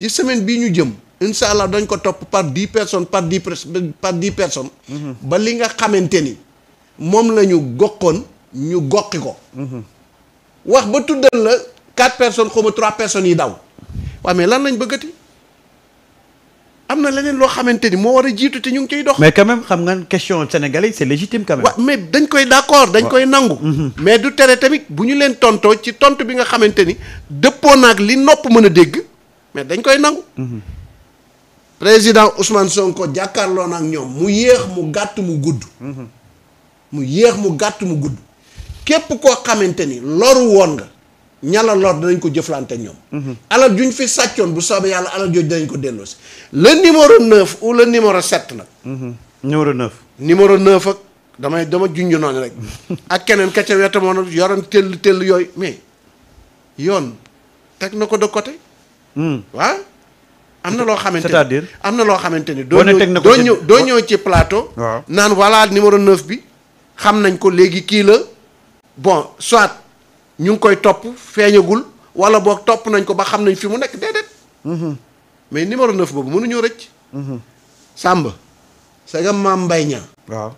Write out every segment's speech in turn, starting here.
ci semaine bii ñu jëm incha allah dañ ko topp par dix person par dix par dix personnes. Mhm. ba li nga xamante ni moom lañu ñu ñu goqi ko. Mhm. wax ba tuddal la quatre personnes xaw ma trois personnes yi daw waaw mais lan lañ bëggati. am na leneen loo xamante ni moo war a jiitu te ñu ngi koy dox. mais quand même xam nga ni question sénégalais c'est légitime quand même. waaw mais dañ koy d'accord dañ koy nangu. Mhm. mais du tere tamit bu ñu leen tontoo ci tontu bi nga xamante ni dëppoo naag li nopp mën a dégg. mais dañ koy nangu. président Ousmane Sonko jàkkaarloo na ak ñoom mu yéex mu gàtt mu gudd. mu yéex mu gàtt mu gudd. képp koo xamante ni loru woon nga. ñala lor danañ ko jëflante ñoom. alal juñ fi sàccoon bu soobee yàlla alal jooju danañ ko delloosi. le numéro 9 ou le numéro 7 nag. numéro 9. numéro 9 ak damay dama junj noonu rek. ak keneen ka ca wetamoon yoroon tëll tëll yooyu mais yoon teg na ko de côté. waaw hmm. ah? am na loo xamante ni am na loo xamante ni doo ñëw doo ñëw ci plateau naan voilà numéro 9 bi xam nañ ko léegi kii la bon soit ñu ngi koy topp feeñagul wala boog topp nañ ko ba xam nañ fi mu nekk déedéet mm-hmm. mais numéro 9 boobu mënuñoo rëcc mm-hmm. Samba saga maam mbay ñaa waaw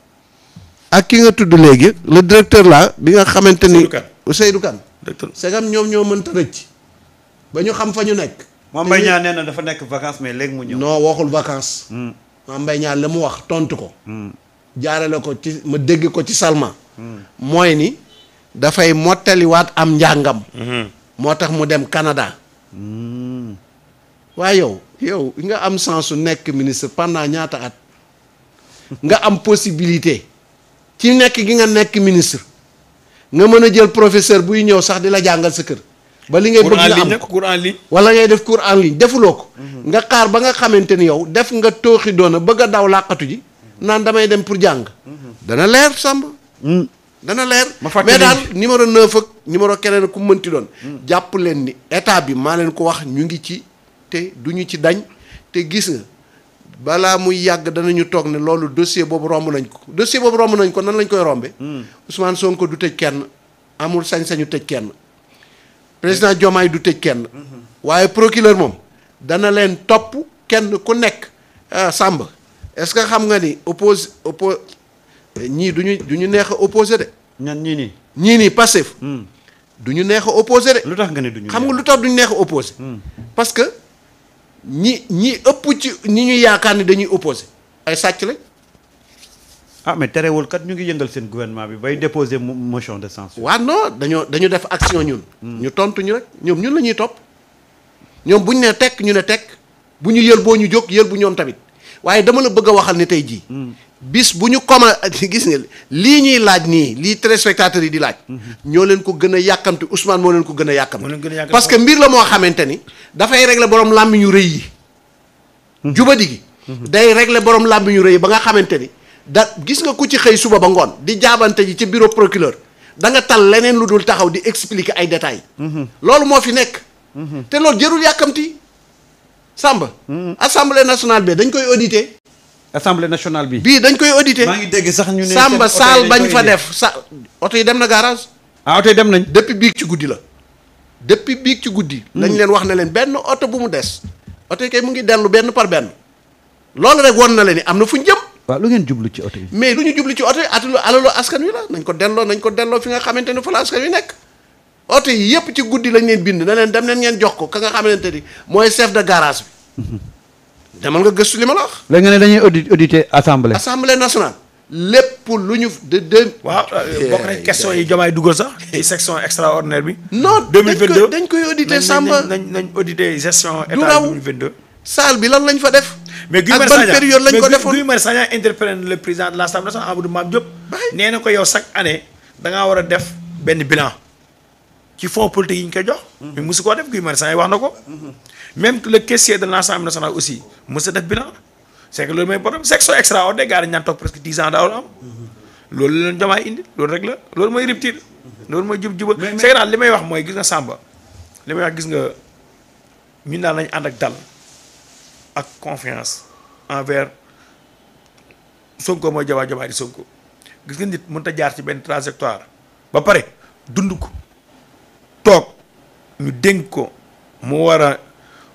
ak ki nga tudd léegi le directeur là bi nga xamante ni Seydou Kane Seydou Kane ñoom ñoo mënta rëcc ba ñu xam fa ñu nekk Mame Mbaye nee na dafa nekk vacances mais léegi mu ñëw. non waxul vacances. Hmm. la mu wax tontu ko. Hmm. jaarale ko ci ma dégg ko ci Salma. Hmm. mooy ni dafay mottaliwaat am njàngam. moo tax mu dem Canada. waaye yow yow nga am sens su nekk ministre pendant ñaata at. nga am possibilité. ci nekk gi nga nekk ministre. nga mën a jël professeur buy ñëw sax di la jàngal sa kër. ba li ngay bëgg nga am cours en ligne wala ngay def cours en ligne defuloo ko mhm. nga xaar ba nga xamante ni yow def nga tooxi a bëgg a daw làqatu ji mhm. naan damay dem pour jàng mhm. dana leer sàmb mm. dana leer mais daal numéro 9 ak numéro keneen ku mënti doon mm. jàpp leen ni état bi maa leen ko wax ñu ngi ci te du ñu ci dañ te gis nga balaa muy yàgg danañu toog ne loolu dossier boobu romb nañ ko dossier boobu romb nañ ko nan lañ koy rombe mm. Ousmane Sonko du tëj kenn amul sañ-sañu tëj kenn président Diomaye du tëj kenn. waaye procureur moom dana leen topp kenn ku nekk ah, sàmb est-ce que xam nga ni oppose oppo ñii du ñu du ñu neex a opposé de. ñan ñii nii. ñii nii passif. Hmm. du ñu neex a opposé de. lu tax nga ne du ñu xam nga lu tax du ñu neex a opposé. Hmm. parce que ñi ñi ëpp ci ñi ñuy yaakaar ni dañuy opposé ay sàcc lañ. ah mais terewul ñu ngi yëngal seen gouvernement bi bay déposer motion de censure waaw non dañoo dañu def action ñun. Hmm. ñu tontu ñu rek ñoom ñun la ñuy topp ñoom bu ñu nee tekk ñu ne tekk bu ñu yël boo ñu jóg yël bu ñoom tamit waaye dama la bëgg a waxal ne tey jii. Hmm. bis bu ñu commen gis nga lii ñuy laaj nii lii téléspectateurs yi di laaj. Hmm. ñoo leen ko gën a yàkkamti Ousmane moo leen ko gën a yàkkamti. parce que mbir la moo xamante ni dafay régler borom làmmiñu rëy yi. jubadi gi. day régler borom làmmiñu rëy ba nga xamante ni. da gis nga ko ci xëy suba ba ngoon di jaabante ji ci bureau procureur da nga tal leneen lu dul taxaw di expliquer ay détails mhm. loolu moo fi nekk mhm. te loolu jërul yàkkamti Samba mhm. assemblée nationale bi dañ koy auditer assemblée nationale bi bii dañ koy auditer maa ngi dégg sax ñu ne Samba saal bañ fa def sa oto yi dem na garage ah oto yi dem nañ depuis biig ci guddi la depuis biig ci guddi lañ leen wax ne leen benn oto bu mu des oto yi kay mu ngi dellu benn par benn loolu rek won na leen ni am na fu ñu waaw lu ngeen jublu ci oto yi. mais lu ñu jublu ci oto yi atalu alalu askan wi la nañ ko delloo nañ ko delloo fi nga xamante ni fa la askan wi yëpp ci guddi lañ leen bind na leen dem leen ngeen jox ko ka nga xamante ni mooy chef de garage bi. Mhm. demal nga gëstu li ma la wax. léegi nga ne dañuy audit audité assemblée. assemblée nationale. lépp lu ñu de waaw euh, bokk nañ question yi jomaay duggal sax. ci section extraordinaire bi. non dañ koy dañ koy audité Samba nañ nañ audité gestion état 2022. salle bi lan lañ fa def. mais Guy Marius Sagna période lañ ko defoon Guy Marius Sagna interpellé le président de l'Assemblée nationale Amadou Mame Diop nee na ko yow chaque année da ngaa war a def benn bilan ci fonds politique yi ñu koy jox mhm. mais mosu koo def Guy Marius Sagna wax na ko mhm. même le caissier de l'Assemblée nationale aussi mosu def bilan c'est que loolu mooy problème section extraordinaire gars dañu naan toog presque dix ans daawul am mhm. loolu la leen jomaa indi loolu rek la loolu mooy rupture loolu mooy jub juba c'est que daal li may wax mooy gis nga Samba li may gis nga ñun daal nañ ànd ak dal ak confiance envers Sonko mooy jabaa jabaa di Sonko gis nga nit mënut a jaar ci benn trajectoire ba pare dund ko toog ñu dénk ko mu war a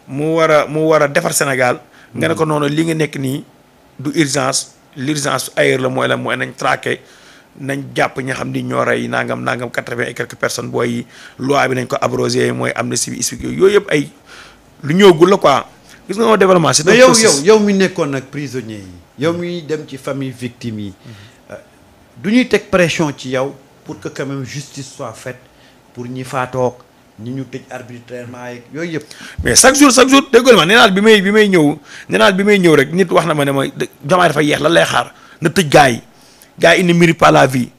mu war a mu war a defar Sénégal nga ne ko noonu li nga nekk nii du urgence l'urgence ailleurs la mooy la mooy nañ traqué nañ jàpp ñi xam ni ñoo yi nangam nangam quatre-vingt et quelques personnes booy yi loi bi nañ ko abrogé mooy amnistie bi expliqué yooyu yëpp ay lu ñëwagul la quoi gis nga moo développement c'est mais yow yow yow mi nekkoon nag prisonnier yi yow mi dem ci famille victime yi euh, du ñuy teg pression ci yow pour que quand même justice soit fait pour ñi faatoog ñi ñu tëj arbitrairement yeeg yooyu yëpp mais chaque jour chaque jour déggool ma nee bi may bi may ñëw nee bi may ñëw rek nit wax na ma ne ma jamaay dafa yeex lan lay xaar na tëj gars yi gars yi ne mérite pas la vie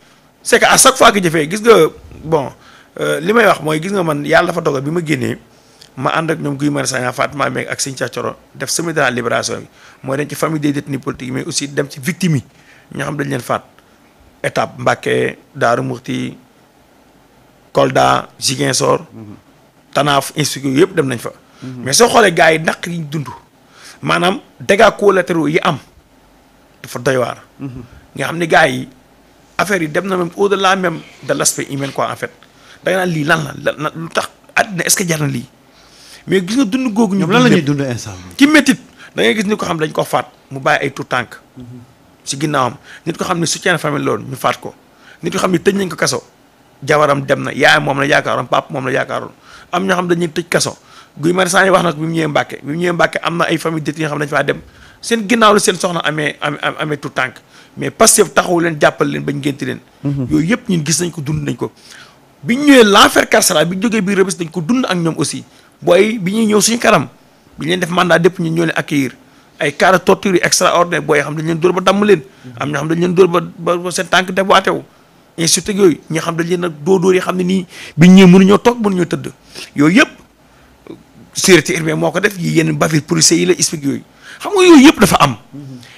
c'est que à chaque fois que jëfee gis nga bon euh, li may wax mooy gis nga man yàlla dafa dogal bi ma génnee ma ànd ak ñoom Guy Marius Sagna Fatma Mbengue ak Sinthiou Thioro def semaine de la libération bi mooy dem ci famille des détenus politiques mais aussi dem ci victimes yi ñoo xam dañ leen faat étape Mbacké Daaru Muxti Kolda Ziguinchor Tanaaf yëpp dem nañ fa mhm. mais soo xoolee gars yi naq yiñ dund maanaam dégâts collatéraux yi am dafa doy waar mhm. nga xam ne gars yi affaire yi dem na même au delà même de l' aspect humain quoi en fait da nga lii lan la lu tax àddina est ce que na lii mais gis nga dund googu. ñoom lan la ñuy dund instant ci métit da gis nit ko xam dañ ko faat mu bàyyi ay tout tànk si ginnaawam nit ko xam ne soutien famille loolu ñu faat ko nit ko xam ne tëj nañ ko kaso jabaram dem na yaay moom la yaakaaroon pap moom la yaakaaroon am ñoo xam dañuy tëj kaso Guy Marius Sagna wax na ko bi mu ñëwee Mbàkke bi mu ñëwee am na ay famille détenus yoo xam dañ faa dem seen ginnaaw la seen soxna amee amee tout tànk mais Pastef taxawu leen jàppal leen bañ génti leen mhm. yooyu yëpp ñun gis nañ ko dund nañ ko biñ ñëwee l'enfer carcéral bi jógee biir Rebeuss dañ ko dund ak ñoom aussi booy bi ñuy ñëw suñu kanam bi ñu leen def mandat dépp ñu ñoo leen accueillir ay cas de torture yu extraordinaire booy xam dañ leen dóor ba damm leen am ñoo xam dañ leen dóor ba ba seen tànk déboîté wu insulte yooyu ñi xam dañ leen nag dóor dóor xam ne nii biñ ñëw mënuñoo toog ñu tëdd yooyu yëpp sécurité urbaine moo ko def yi yenn bavure policier yi la explique yooyu xam nga yooyu yëpp dafa am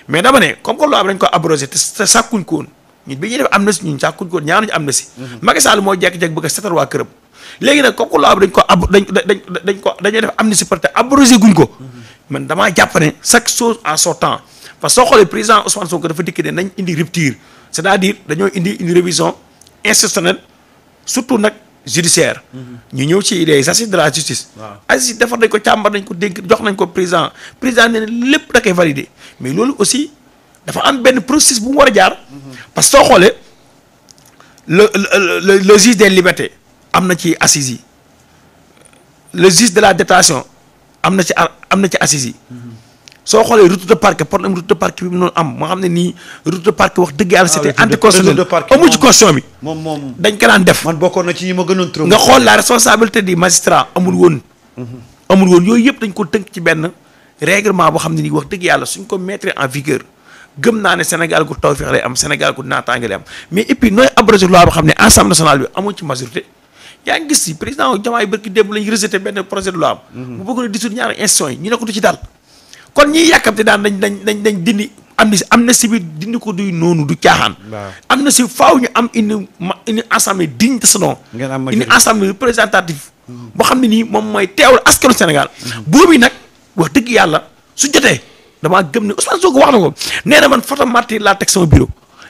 mais dama ne comme que loi bi dañ ko abrogé te sàkkuñ ko woon ñun bi ñuy def amnistie ñun sàkkuñ ko woon ñaanuñu amnistie Macky Sall moo jekk a setal léegi nag kooku loi bi dañ ko ab dañ dañ dañ ko dañuy def amnistie porté abrogé guñ ko man damaa jàpp ne chaque chose en son temps parce que soo xoolee président Ousmane Sonko dafa dikk ne nañ indi rupture c'est-à-dire dañoo indi une révision institutionnelle surtout nag judiciaire ñu ñëw ci les assises de la justice assises defar nañ ko càmbar nañ ko dénk jox nañ ko président président nee na lépp da koy validé mais loolu aussi dafa am benn processus bu mu war a jaar mhm. parce que soo xoolee le le le juge des libertés am na ci assises yi le la détention am ci am na ci assises yi soo xoolee retour de parquet problème retour de parquet bi mu noonu am moo xam ne nii retour de parquet wax dëgg yàlla ah, c'était anticonstitutionnel constitution bi moom moom dañ ko daan def man bokkoon na nga xool la responsabilité du magistrat amul woon mhm. amul woon yooyu yëpp dañ ko tënk ci benn règlement boo xam ne nii wax dëgg yàlla suñ ko mettre en vigueur gëm naa ne Sénégal gu tawfeex lay am Sénégal gu naataange lay am mais et puis nooy abrogé loi boo xam ne Assemblée nationale bi amoo ci majorité yaa ngi gis si président Diomaye bërki démb lañu rejeté benn projet de loi am bu mhm. bëggoon a dissoudre ñaari institution yi ñu ne ko du ci dal kon ñiy yàkkamte daan dañ dañ dañ dañ dindi amnistie amnistie bi dindi ko duy noonu du caaxaan amnistie faaw ñu am une une assemblée digne de ce nom une assemblée représentative mhm. boo xam ne nii moom mooy teewal askanu Sénégal mhm. boobu nag wax dëgg yàlla su jotee damaa gëm ne Ousmane Sonko wax na ko nee na man photo martyr laa teg sama bureau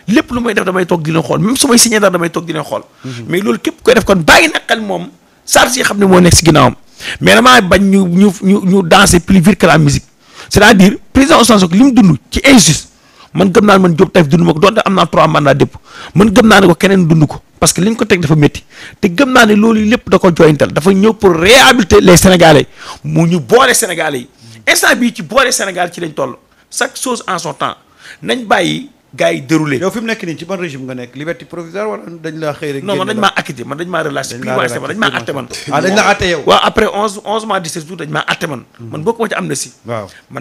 lépp lu may def damay toog di leen xool même su may signé dara damay toog di leen xool. Mhm. mais loolu képp koy def kon bàyyi na moom charge yi xam ne moo nekk si ginnaawam mais damaa bañ ñu ñu ñu ñu danser plus vite que la musique c'est-à-dire président Ousmane Sonko li mu dund ci injustice man gëm naa man Diop Taïf dund ma ko doonte am naa trois mandats dépp man gëm naa ne ko keneen dund ko parce que li ñu ko teg dafa métti te gëm naa ne loolu lépp da ko jointal dafa ñëw pour réhabiliter les sénégalais mu ñu boole sénégalais yi instant bii ci boole sénégal ci lañ toll chaque chose en son temps nañ bàyyi. gars yi déroulé. yow fi mu nekk nii ci ban régime nga nekk liberté provisoire wala dañ la xëy rek. man dañ maa acquitté man dañ maa relâché. man. ah dañ la atte yow. Hmm. waaw man.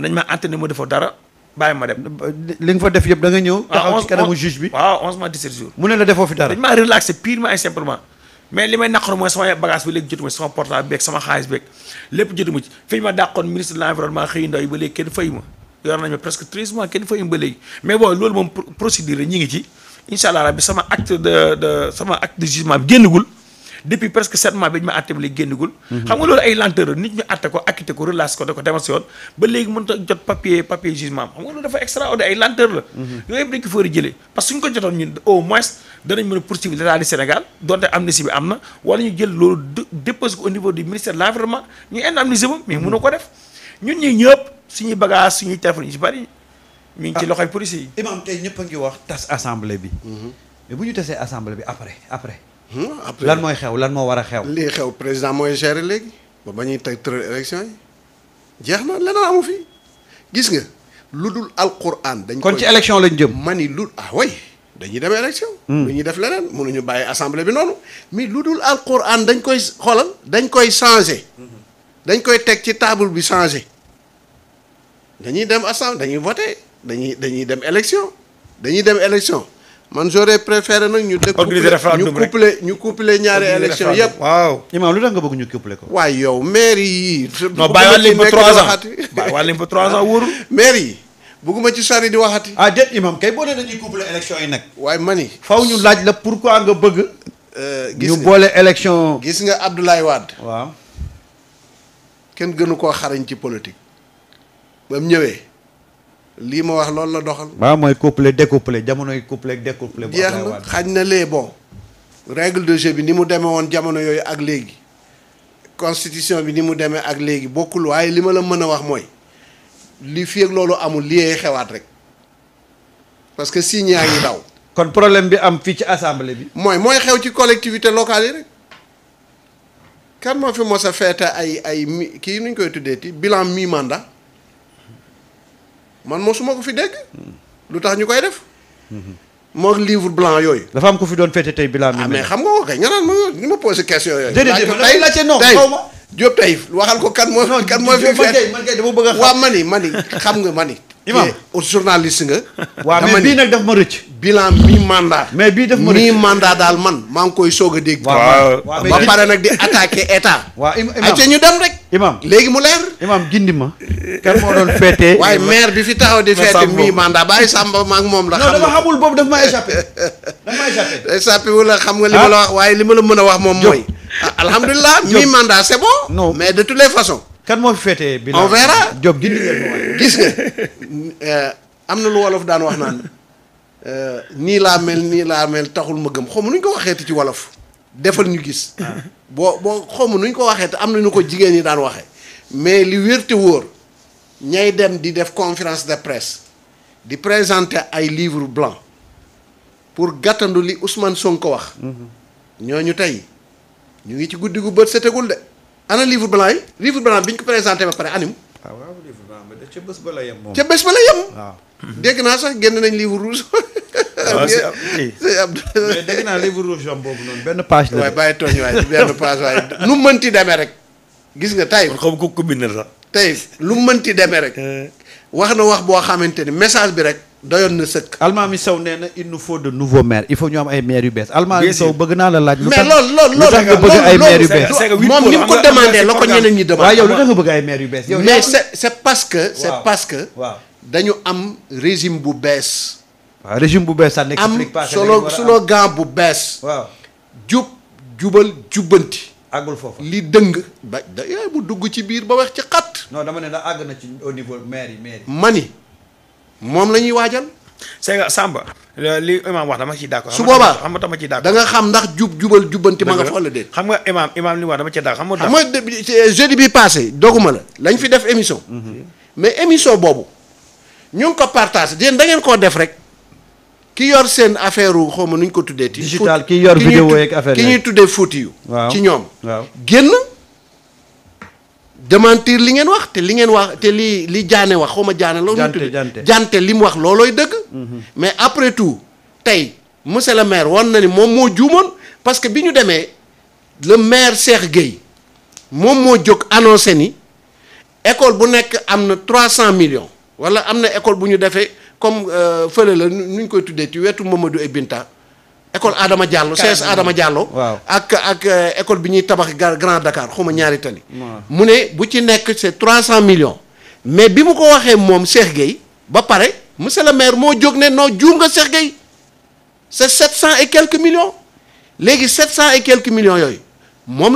dañ maa atte ne defoo dara bàyyi ma dem. li fa def yëpp da ñëw. Ah, taxaw ci kanamu juge bi mu ne la defoo fi dara dañ maa relaxé purement et simplement. mais li may naqar mooy sama bagage bi léegi jotuma sama portable beeg sama xaalis beeg lépp jotuma ci fi ñu ma ministre de l'environnement yor nañu presque treize mois kenn fayum ba léegi mhm. xam nga loolu ay lenteur nit a jot papier papier jugement xam nga loolu dafa extraordinaire ay lenteur la mhm. yooyu yëpp dañ ko foori jëlee parce que suñ ko jotoon ñun au moins danañ mën a poursuivre l'état du Sénégal donte amnistie bi am na wala ñu jël loolu déposé ko au niveau du ministère de l'environnement ñu indemniser ba mais mënu ko def ñun ñi ñëpp suñuy bagage suñuy téléphone yi si bari mi ngi ci ah. loxoy police yi. imam tey ñëpp a ngi wax tas assemblée bi. Mhm. mais bu ñu tasee assemblée bi après après. Hmm, après lan mooy xew lan moo war a xew. lii xew président mooy gérer léegi ba ba ñuy teg tëral élection yi jeex na leneen amu fi gis nga lu dul alquran. dañ kon ci élection lañ jëm. man ni lu ah way dañuy dem élection. Hmm. lu def leneen mënuñu bàyyi assemblée bi noonu mais lu dul alquran dañ koy xoolal dañ koy changé. Hmm. dañ koy teg ci table bi changé. dañuy dem assemblée dañuy voter dañuy dañuy dem élection dañuy dem élection man j'aurais préféré nag ñu. organiser référendum ñu ñu couplé ñaari élection yëpp. waaw imaam lu tax nga bëgg ñu couplé ko. waaye yow maire yi. non bàyyiwaat leen ba trois ans bàyyiwaat leen ba trois ans wóorul. maire yi bëgguma ci sari di waxati. ah déet imaam kay boo nee dañuy couplé élection yi nag. waaye mani. faw ñu laaj la pourquoi nga bëgg. Euh, gis nga ñu boole élection. gis nga Abdoulaye Wade. waaw. kenn gënu koo xarañ ci politique. ba mu ñëwee lii ma wax loolu la doxal. waaw mooy couplé découplé jamonoy couplé découplé. jeex na xañ na lee bon règle de jeu bi ni mu demee woon jamono yooyu ak léegi constitution bi ni mu demee ak léegi bokkul waaye li ma la mën a wax mooy li fi ak loolu amul liyee xewaat rek parce que signes yaa ngi daw. kon problème bi am fii ci assemblée bi. mooy mooy xew ci collectivité locale yi rek. kan moo fi mos a feete ay ay mi kii nuñ koy tuddee ti bilan mi man mosuma ko fi dégg. lu tax ñu koy def. moo livre blanc yooyu. dafa am ko fi doon fête tey bilan mi. ah mais xam nga ko kay nga naan ma ni ma posé ko kan moo. kan moo fi fête man kay dama bëgg xam. waaw mani mani xam nga mani. imam journaliste nga. waaw mais bii nag daf ma rëcc. bilan mi mandat. mais bii daf ma rëcc mi mandat daal man maa ngi koy soog a dégg. waaw ba pare nag di attaquer état. waaw ñu dem rek. imam léegi mu leer. imam jindi ma. kan moo doon féete. waaye maire bi fi taxaw di féete mi mandat bàyyi Samba ma ak moom la. xam non boobu daf ma échappé. daf la xam nga li ma la ah. wax waaye li ma la mën a wax moom mooy. Ah, alhamdulilah mi mandat c'est bon. mais de toutes les façons. kan moo fi féete bi. on verra Diop gindi gis nga euh, am na lu wolof daan wax naan euh, nii laa mel nii laa mel taxul ma gëm xaw ma nu ñu ko waxeeti ci wolof. defal ñu gis. boo boo xaw ma nu ko waxee te am na ñu ko jigéen ñi daan waxee. mais li wér te wóor ñay dem di def conférence de presse di présenter ay livre blanc pour gàttandu li Ousmane ko wax. ñu tey ñu ngi ci guddi gu bët setegul de. ana livre blanc yi. livre blanc bi ñu ko présenté ba pare anim. ah waaw livre blanc ba ca bés ba la yem moom. dégg naa sax génn nañ livre rouge. Ah, mais dégg naa livre rouge boobu noonu benn page la. waaye bàyyi tooñ waaye benn page waaye rek. gis nga tey xam ko combiner sax. tey lu mu mënti demee rek. Euh. wax na wax boo xamante ni message bi rek. doyoon na sëkk. Almaami Sow nee na il nous faut de nouveaux maires il faut ñu am ay maires yu bees. Almaami sew bëgg naa la laaj. lu tax lu tax nga bëgg ay maires yu bees. moom ni mu ko demandé la ko ñeneen ñi demandé. waaw yow lu tax nga bëgg ay maires yu bees. mais c'est c'est que. c'est parce dañu am régime bu bees. waaw régime bu bees sax n'explique pas. solo solo gant bu bees. waaw jub jubal jubbanti. foofu li dëng. ba da yaay mu dugg ci biir ba weex ci xat. non dama ne da àgg na ci au niveau maire yi maire yi. mani moom la ñuy waajal. c'est que Samba. li imaam wax dama ciy d'accord. su boobaa xam ciy d'accord. da xam ndax jub jubal jubanti ma nga fa wala déet. xam nga imaam imaam li wax dama ciy d'accord xam nga. xam nga jeudi bi passé doguma la. lañ fi def émission. Mhm. mais émission boobu ñu ngi ko partagé yéen da ngeen koo def rek. ki yor seen affaire xaw ma nu ñu ko tuddee. ti digital ki yor vidéo yeeg affaire ki ñuy tuddee fuuti yu. ci ñoom. waaw génn démentir li ngeen wax te li ngeen wax te li li jaane wax xaw ma jaane la. jante jante jante li mu wax loolooy dëgg. Mhm. mais après tout tey monsieur le maire wan na ni moom moo juumoon parce que bi ñu demee le maire Cheikh Gueye moom moo jóg annoncé ni école bu nekk am na 300 millions wala am na école bu ñu defee. comme euh, fële la nu ñu koy tuddee ci wetu Mamadou et Binta école Adama Diallo CS Adama Diallo ak ak euh, école bi ñuy tabax Grand Dakar xuma ñaari tali mu ne bu ci nekk c'est trois cent millions mais bi mu ko waxee moom Cheikh Gueye ba pare monsieur le maire moo jóg ne noo juum nga Cheikh Gueye c'est sept cent et quelques millions léegi sept cent et quelques millions yooyu moom